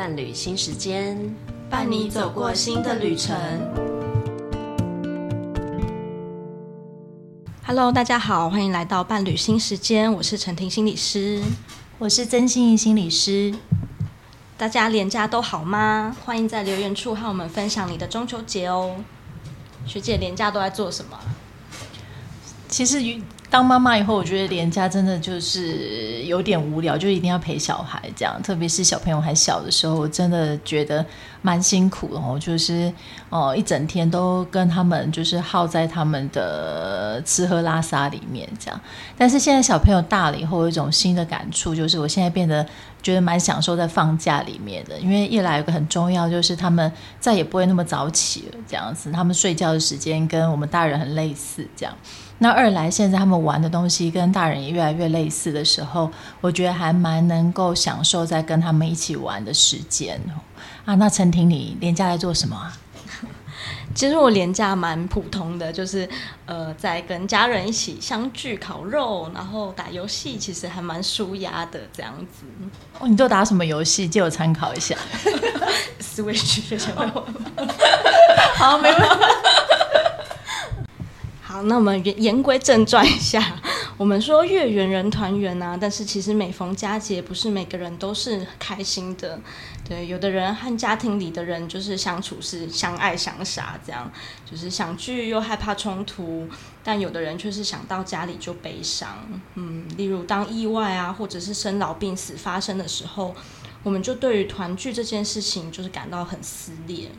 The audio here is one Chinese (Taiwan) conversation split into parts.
伴侶新時間，伴你走過新的旅程。Hello，大家好，歡迎來到伴侶新時間，我是陳庭心理師，我是曾心怡心理師。大家連假都好嗎？歡迎在留言處和我們分享你的中秋節哦。學姐連假都在做什麼？其實與。當媽媽以後，我覺得連假真的就是有點無聊，就一定要陪小孩這樣。特別是小朋友還小的時候，我真的覺得蠻辛苦的，我就是哦、呃，一整天都跟他們就是耗在他們的吃喝拉撒裡面這樣。但是現在小朋友大了以後，有一種新的感觸，就是我現在變得覺得蠻享受在放假裡面的。因為一來有個很重要，就是他們再也不會那麼早起了，這樣子，他們睡覺的時間跟我們大人很類似這樣。那二來，現在他們玩的東西跟大人也越來越類似的時候，我覺得還蠻能夠享受在跟他們一起玩的時間啊，那陳庭，你連假在做什麼啊？其實我連假蠻普通的，就是呃，在跟家人一起相聚、烤肉，然後打遊戲，其實還蠻舒壓的這樣子。哦，你都打什麼遊戲？借我參考一下。Switch 好，沒問題。好，那我們言，言歸正傳一下， 我們說月圓人團圓啊，但是其實每逢佳節，不是每個人都是開心的。對，有的人和家庭裡的人就是相處是相愛相殺，這樣就是想聚又害怕衝突；但有的人卻是想到家裡就悲傷。嗯，例如當意外啊，或者是生老病死發生的時候，我們就對於團聚這件事情就是感到很撕裂。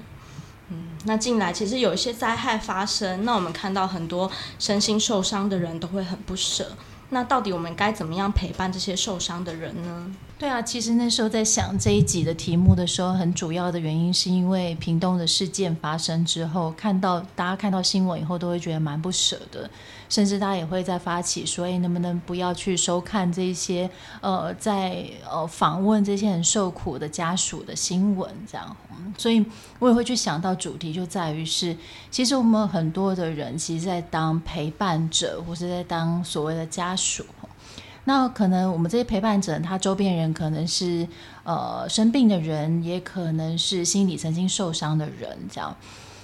嗯，那近來其實有一些災害發生，那我們看到很多身心受傷的人都會很不捨。那到底我們該怎麼樣陪伴這些受傷的人呢？對啊，其實那時候在想這一集的題目的時候，很主要的原因是因為屏東的事件發生之後，看到大家看到新聞以後，都會覺得蠻不捨的，甚至大家也會在發起，所以能不能不要去收看這些呃，在呃訪問這些很受苦的家屬的新聞這樣。所以我也會去想到主題就在於是，其實我們很多的人其實在當陪伴者，或是在當所謂的家。那可能我們這些陪伴者，他周邊人可能是呃生病的人，也可能是心理曾經受傷的人，這樣。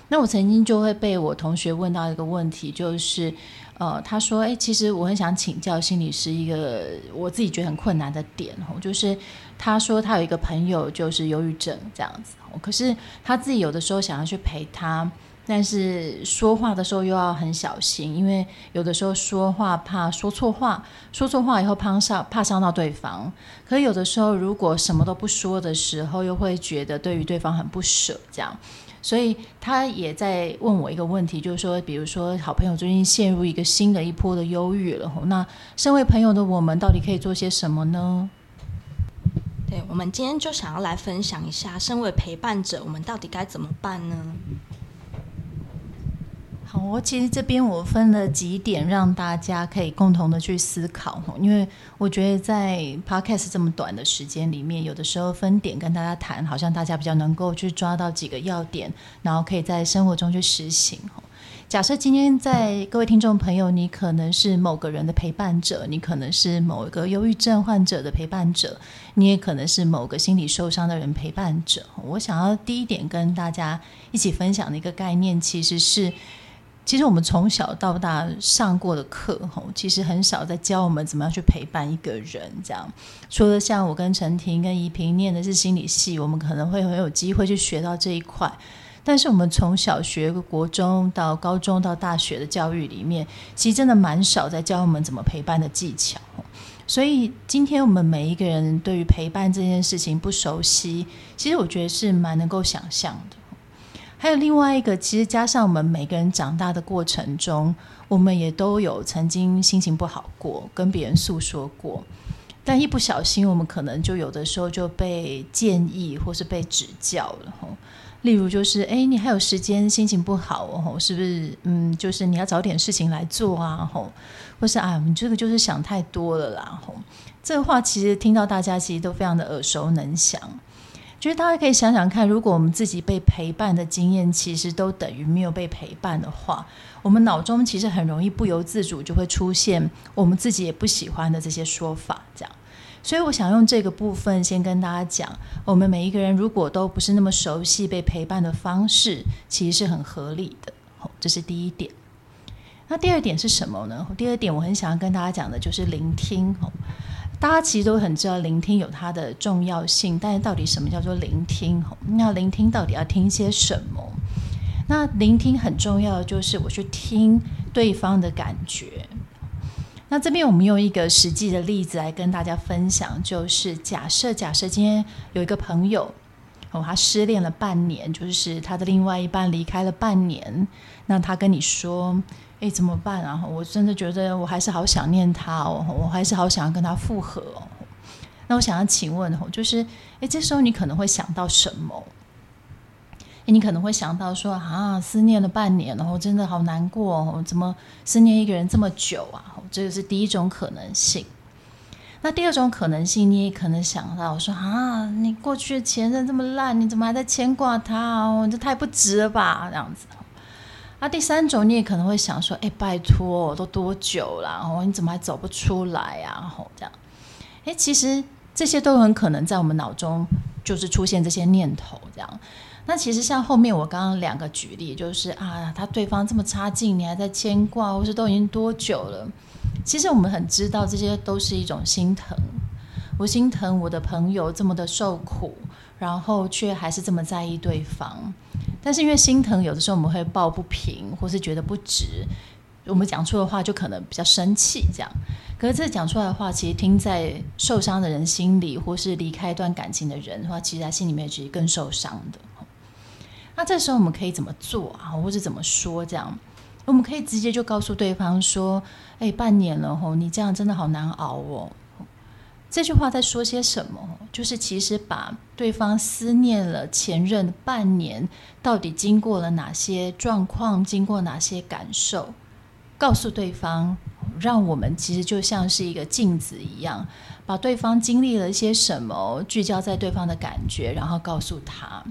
那我曾經就會被我同學問到一個問題，就是呃，他說，哎，其實我很想請教心理師一個我自己覺得很困難的點哦，就是他說他有一個朋友就是憂鬱症這樣子，可是他自己有的時候想要去陪他。但是說話的時候又要很小心，因為有的時候說話怕說錯話，說錯話以後怕傷怕傷到對方。可有的時候如果什麼都不說的時候，又會覺得對於對方很不捨，這樣。所以他也在問我一個問題，就是說，比如說好朋友最近陷入一個新的一波的憂鬱了，那身為朋友的我們到底可以做些什麼呢？對，我們今天就想要來分享一下，身為陪伴者，我們到底該怎麼辦呢？好，我其實這邊我分了幾點，讓大家可以共同的去思考。因為我覺得在 Podcast 這麼短的時間裡面，有的時候分點跟大家談，好像大家比較能夠去抓到幾個要點，然後可以在生活中去實行。假設今天在各位聽眾朋友，你可能是某個人的陪伴者，你可能是某一個憂鬱症患者的陪伴者，你也可能是某個心理受傷的人陪伴者。我想要第一點跟大家一起分享的一個概念，其實是。其實我們從小到大上過的課，吼，其實很少在教我們怎麼樣去陪伴一個人這樣。除了像我跟陳庭、跟宜萍唸的是心理系，我們可能會很有機會去學到這一塊。但是我們從小學、國中到高中到大學的教育裡面，其實真的蠻少在教我們怎麼陪伴的技巧。所以今天我們每一個人對於陪伴這件事情不熟悉，其實我覺得是蠻能夠想象的。還有另外一個，其實加上我們每個人長大的過程中，我們也都有曾經心情不好過，跟別人訴說過。但一不小心，我們可能就有的時候就被建議或是被指教了。吼，例如就是，哎，你還有時間心情不好哦？吼，是不是？嗯，就是你要找點事情來做啊。吼，或是啊，哎，你這個就是想太多了啦。吼，這個話其實聽到大家其實都非常的耳熟能詳。就是大家可以想想看，如果我們自己被陪伴的經驗，其實都等於沒有被陪伴的話，我們腦中其實很容易不由自主就會出現我們自己也不喜歡的這些說法，這樣。所以我想用這個部分先跟大家講，我們每一個人如果都不是那麼熟悉被陪伴的方式，其實是很合理的。這是第一點。那第二點是什麼呢？第二點我很想要跟大家講的就是聆聽。大家其實都很知道聆聽有它的重要性，但是到底什麼叫做聆聽？那聆聽到底要聽些什麼？那聆聽很重要的就是我去聽對方的感覺。那這邊我們用一個實際的例子來跟大家分享，就是假設假設今天有一個朋友，哦，他失戀了半年，就是他的另外一半離開了半年，那他跟你說。哎，怎麼辦啊？然後我真的覺得我還是好想念他哦。我還是好想要跟他復合哦。那我想要請問，就是，哎，這時候你可能會想到什麼？哎，你可能會想到說啊，思念了半年哦，然後真的好難過哦，怎麼思念一個人這麼久啊？這個是第一種可能性。那第二種可能性，你也可能想到說，說啊，你過去的前任這麼爛，你怎麼還在牽掛他？哦，這太不值了吧，這樣子。那、啊、第三種，你也可能會想說：“哎，拜託，都多久了？哦，你怎麼還走不出來啊？然，哦、這樣，哎，其實這些都很可能在我們腦中就是出現這些念頭。這樣，那其實像後面我剛剛兩個舉例，就是啊，他對方這麼差勁，你還在牽掛，或是都已經多久了？其實我們很知道，這些都是一種心疼。我心疼我的朋友這麼的受苦，然後卻還是這麼在意對方。但是因為心疼，有的時候我們會抱不平，或是覺得不值，我們講錯的話就可能比較生氣，這樣。可是這講出來的話，其實聽在受傷的人心裡，或是離開一段感情的人的話，其實他心裡面其實更受傷的。那這時候我們可以怎麼做啊，或者怎麼說？這樣，我們可以直接就告訴對方說：“哎，半年了吼，你這樣真的好難熬哦。”這句話在說些什麼？就是其實把對方思念了前任半年，到底經過了哪些狀況，經過哪些感受，告訴對方，讓我們其實就像是一個鏡子一樣，把對方經歷了一些什麼，聚焦在對方的感覺，然後告訴他，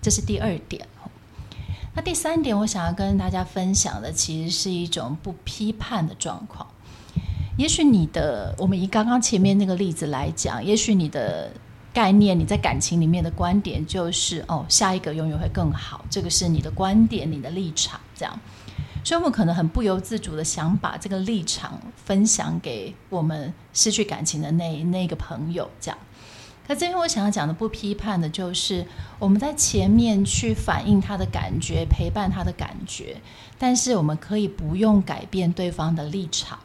這是第二點。那第三點，我想要跟大家分享的，其實是一種不批判的狀況。也許你的，我們以剛剛前面那個例子來講，也許你的概念，你在感情裡面的觀點就是，哦，下一個永遠會更好，這個是你的觀點，你的立場這樣，所以我們可能很不由自主的想把這個立場分享給我們失去感情的那那個朋友這樣。可最後我想要講的不批判的就是，我們在前面去反映他的感覺，陪伴他的感覺，但是我們可以不用改變對方的立場。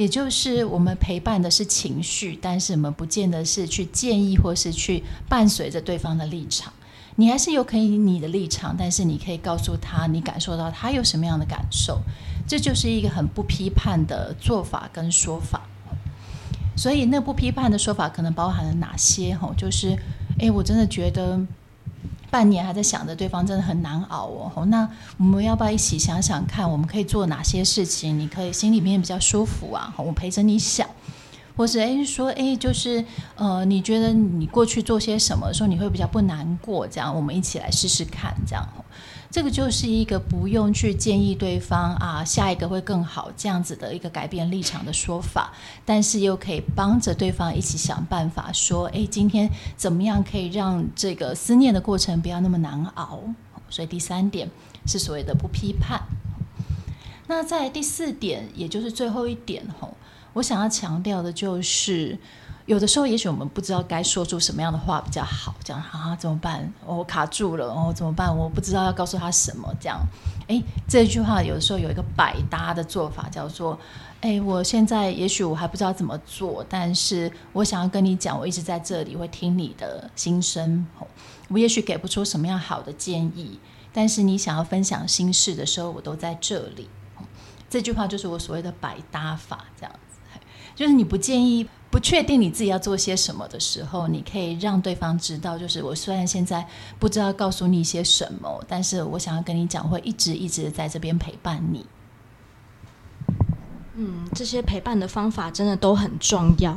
也就是我們陪伴的是情緒，但是我們不見得是去建議或是去伴隨着對方的立場。你還是有可以你的立場，但是你可以告訴他你感受到他有什麼樣的感受。這就是一個很不批判的做法跟說法。所以那不批判的說法可能包含了哪些？吼，就是，哎，我真的覺得，半年還在想着對方，真的很難熬哦。那我們要不要一起想想看，我們可以做哪些事情？你可以心裡面比較舒服啊。我陪着你想，或是誒說誒，就是呃，你覺得你過去做些什麼的時候你會比較不難過？這樣我們一起來試試看，這樣。這個就是一個不用去建議對方啊，下一個會更好這樣子的一個改變立場的說法，但是又可以幫着對方一起想辦法，說，哎，今天怎麼樣可以讓這個思念的過程不要那麼難熬？所以第三點是所謂的不批判。那在第四點，也就是最後一點吼，我想要強調的就是。有的時候，也許我們不知道該說出什麼樣的話比較好，講啊怎麼辦？我，哦，卡住了，哦怎麼辦？我不知道要告訴他什麼。這樣，誒，這句話有的時候有一個百搭的做法，叫做：誒，我現在也許我還不知道怎麼做，但是我想要跟你講，我一直在這裡會聽你的心聲。哦，我也許給不出什麼樣好的建議，但是你想要分享心事的時候，我都在這裡。哦，這句話就是我所謂的百搭法，這樣。就是你不建議、不確定你自己要做些什麼的時候，你可以讓對方知道，就是我雖然現在不知道告訴你一些什麼，但是我想要跟你講，會一直一直在這邊陪伴你。嗯，這些陪伴的方法真的都很重要誒。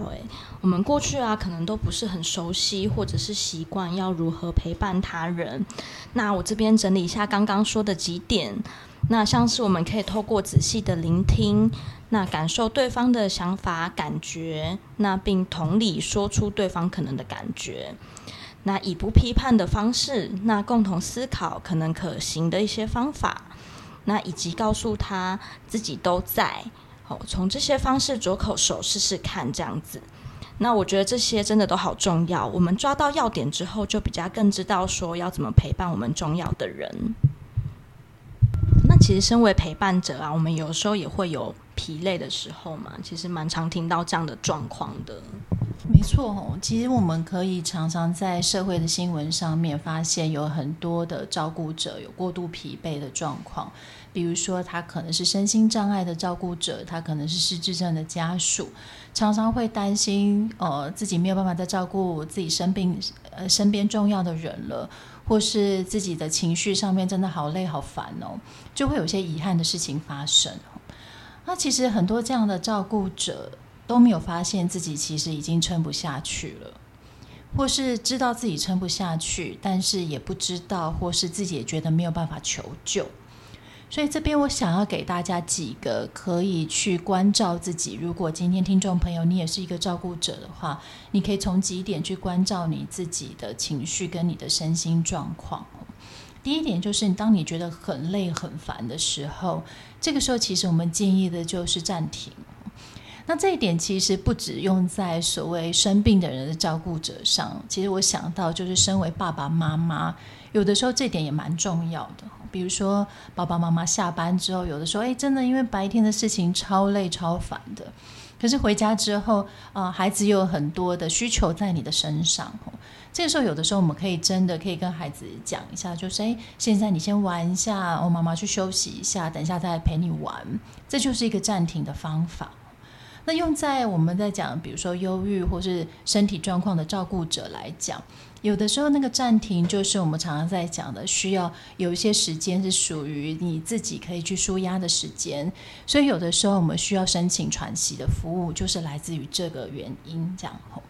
我們過去啊，可能都不是很熟悉，或者是習慣要如何陪伴他人。那我這邊整理一下剛剛說的幾點。那像是我們可以透過仔細的聆聽，那感受對方的想法、感覺，那並同理說出對方可能的感覺，那以不批判的方式，那共同思考可能可行的一些方法，那以及告訴他自己都在好、哦，從這些方式著手試試看，這樣子。那我覺得這些真的都好重要，我們抓到要點之後，就比較更知道說要怎麼陪伴我們重要的人。其實，身為陪伴者啊，我們有時候也會有疲累的時候嘛。其實蠻常聽到這樣的狀況的。沒錯哦，其實我們可以常常在社會的新聞上面發現有很多的照顧者有過度疲憊的狀況。比如說，他可能是身心障礙的照顧者，他可能是失智症的家屬，常常會擔心，呃，自己沒有辦法再照顧自己生病呃身邊重要的人了。或是自己的情緒上面真的好累好煩哦，就會有些遺憾的事情發生哦。那、啊、其實很多這樣的照顧者都沒有發現自己其實已經撐不下去了，或是知道自己撐不下去，但是也不知道，或是自己也覺得沒有辦法求救。所以這邊我想要給大家幾個可以去關照自己。如果今天聽眾朋友你也是一個照顧者的話，你可以從幾點去關照你自己的情緒跟你的身心狀況。第一點就是，當你覺得很累很煩的時候，這個時候其實我們建議的就是暫停。那這一點其實不只用在所謂生病的人的照顧者上，其實我想到就是身為爸爸媽媽，有的時候這點也蠻重要的。比如說，爸爸媽媽下班之後，有的時候，哎，真的因為白天的事情超累超煩的。可是回家之後，啊、呃，孩子又有很多的需求在你的身上。哦，這個時候有的時候，我們可以真的可以跟孩子講一下，就是，哎，現在你先玩一下，我、哦、媽媽去休息一下，等一下再來陪你玩。這就是一個暫停的方法。那用在我們在講，比如說憂鬱或是身體狀況的照顧者來講，有的時候那個暫停就是我們常常在講的，需要有一些時間是屬於你自己可以去舒壓的時間，所以有的時候我們需要申請喘息的服務，就是來自於這個原因。這樣吼。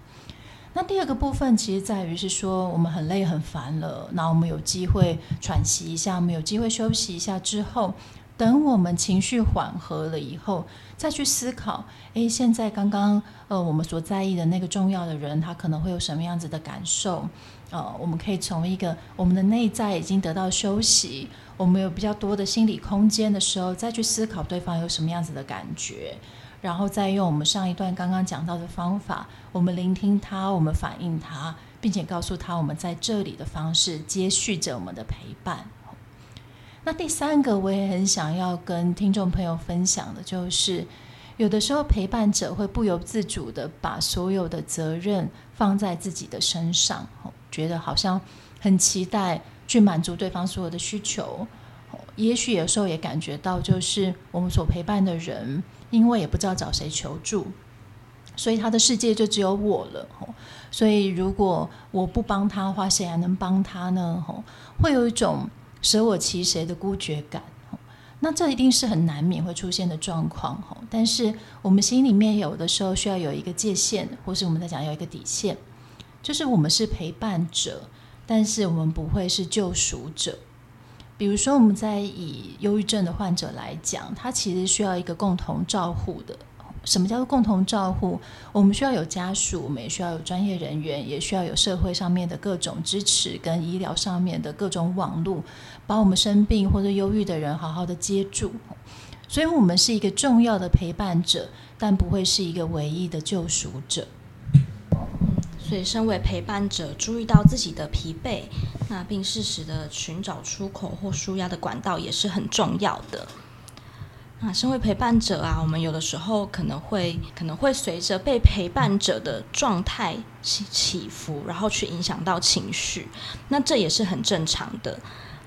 那第二個部分其實在於是說，我們很累很煩了，然後我們有機會喘息一下，我們有機會休息一下之後。等我們情緒緩和了以後，再去思考：誒，現在剛剛呃，我們所在意的那個重要的人，他可能會有什麼樣子的感受？呃，我們可以從一個我們的內在已經得到休息，我們有比較多的心理空間的時候，再去思考對方有什麼樣子的感覺，然後再用我們上一段剛剛講到的方法，我們聆聽他，我們反映他，並且告訴他我們在這裡的方式，接續着我們的陪伴。那第三個，我也很想要跟聽眾朋友分享的，就是有的時候陪伴者會不由自主地把所有的責任放在自己的身上，哦，覺得好像很期待去滿足對方所有的需求，哦，也許有時候也感覺到，就是我們所陪伴的人，因為也不知道找誰求助，所以他的世界就只有我了，哦，所以如果我不幫他的話，誰還能幫他呢？哦，會有一種捨我其誰的孤絕感，那這一定是很難免會出現的狀況。吼，但是我們心裡面有的時候需要有一個界限，或是我們在講有一個底線，就是我們是陪伴者，但是我們不會是救贖者。比如說，我們在以憂鬱症的患者來講，他其實需要一個共同照護的。什麼叫做共同照護？我們需要有家屬，我們也需要有專業人員，也需要有社會上面的各種支持，跟醫療上面的各種網路，把我們生病或者憂鬱的人好好的接住。所以，我們是一個重要的陪伴者，但不會是一個唯一的救贖者。所以，身為陪伴者，注意到自己的疲憊，那並適時的尋找出口或舒壓的管道，也是很重要的。啊，身為陪伴者啊，我們有的時候可能會可能會隨着被陪伴者的狀態起起伏，然後去影響到情緒，那這也是很正常的。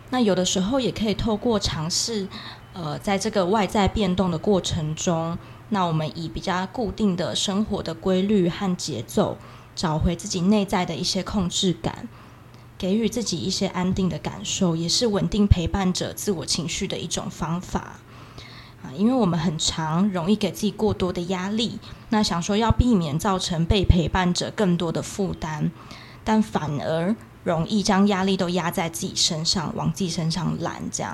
那有的時候也可以透過嘗試，呃，在這個外在變動的過程中，那我們以比較固定的生活的規律和節奏，找回自己內在的一些控制感，給予自己一些安定的感受，也是穩定陪伴者自我情緒的一種方法。啊，因為我們很常容易給自己過多的壓力。那想說要避免造成被陪伴者更多的負擔，但反而容易將壓力都壓在自己身上，往自己身上攬。這樣，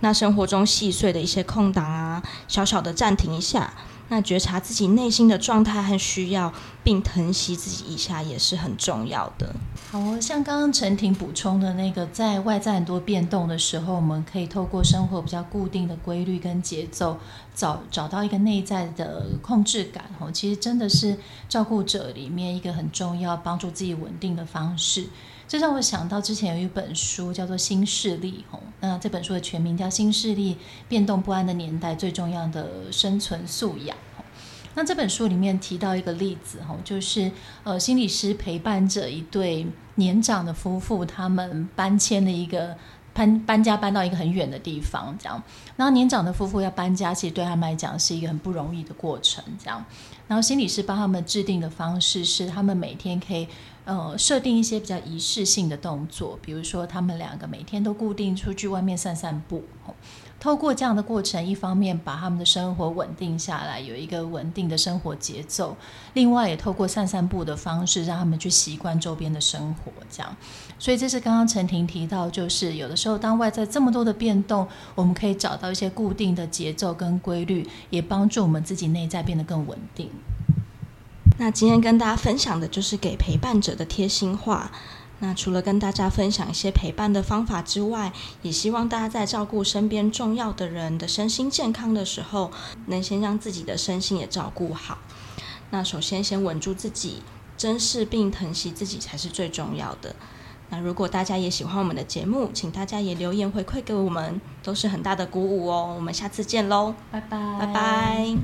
那生活中細碎的一些空檔啊，小小的暫停一下。那覺察自己內心的狀態和需要，並疼惜自己一下也是很重要的。好，像剛剛陳庭補充的那個，在外在很多變動的時候，我們可以透過生活比較固定的規律跟節奏，找找到一個內在的控制感。哦，其實真的是照顧者裡面一個很重要、幫助自己穩定的方式。這讓我想到之前有一本書叫做《心適力》吼，那這本書的全名叫《心適力：變動不安的年代最重要的生存素養》。那這本書裡面提到一個例子吼，就是呃，心理師陪伴着一對年長的夫婦，他們搬遷的一個搬搬家搬到一個很遠的地方這樣。然後年長的夫婦要搬家，其實對他們來講是一個很不容易的過程這樣。然後心理師幫他們制定的方式是，他們每天可以。呃，設定一些比較儀式性的動作，比如說他們兩個每天都固定出去外面散散步。透過這樣的過程，一方面把他們的生活穩定下來，有一個穩定的生活節奏；另外也透過散散步的方式，讓他們去習慣周邊的生活。這樣。所以這是剛剛陳庭提到，就是有的時候當外在這麼多的變動，我們可以找到一些固定的節奏跟規律，也幫助我們自己內在變得更穩定。那今天跟大家分享的就是給陪伴者的貼心話。那除了跟大家分享一些陪伴的方法之外，也希望大家在照顧身邊重要的人的身心健康的時候，能先讓自己的身心也照顧好。那首先先穩住自己，珍視並疼惜自己才是最重要的。那如果大家也喜歡我們的節目，請大家也留言回饋給我們，都是很大的鼓舞哦。我們下次見嘍，拜拜，拜拜。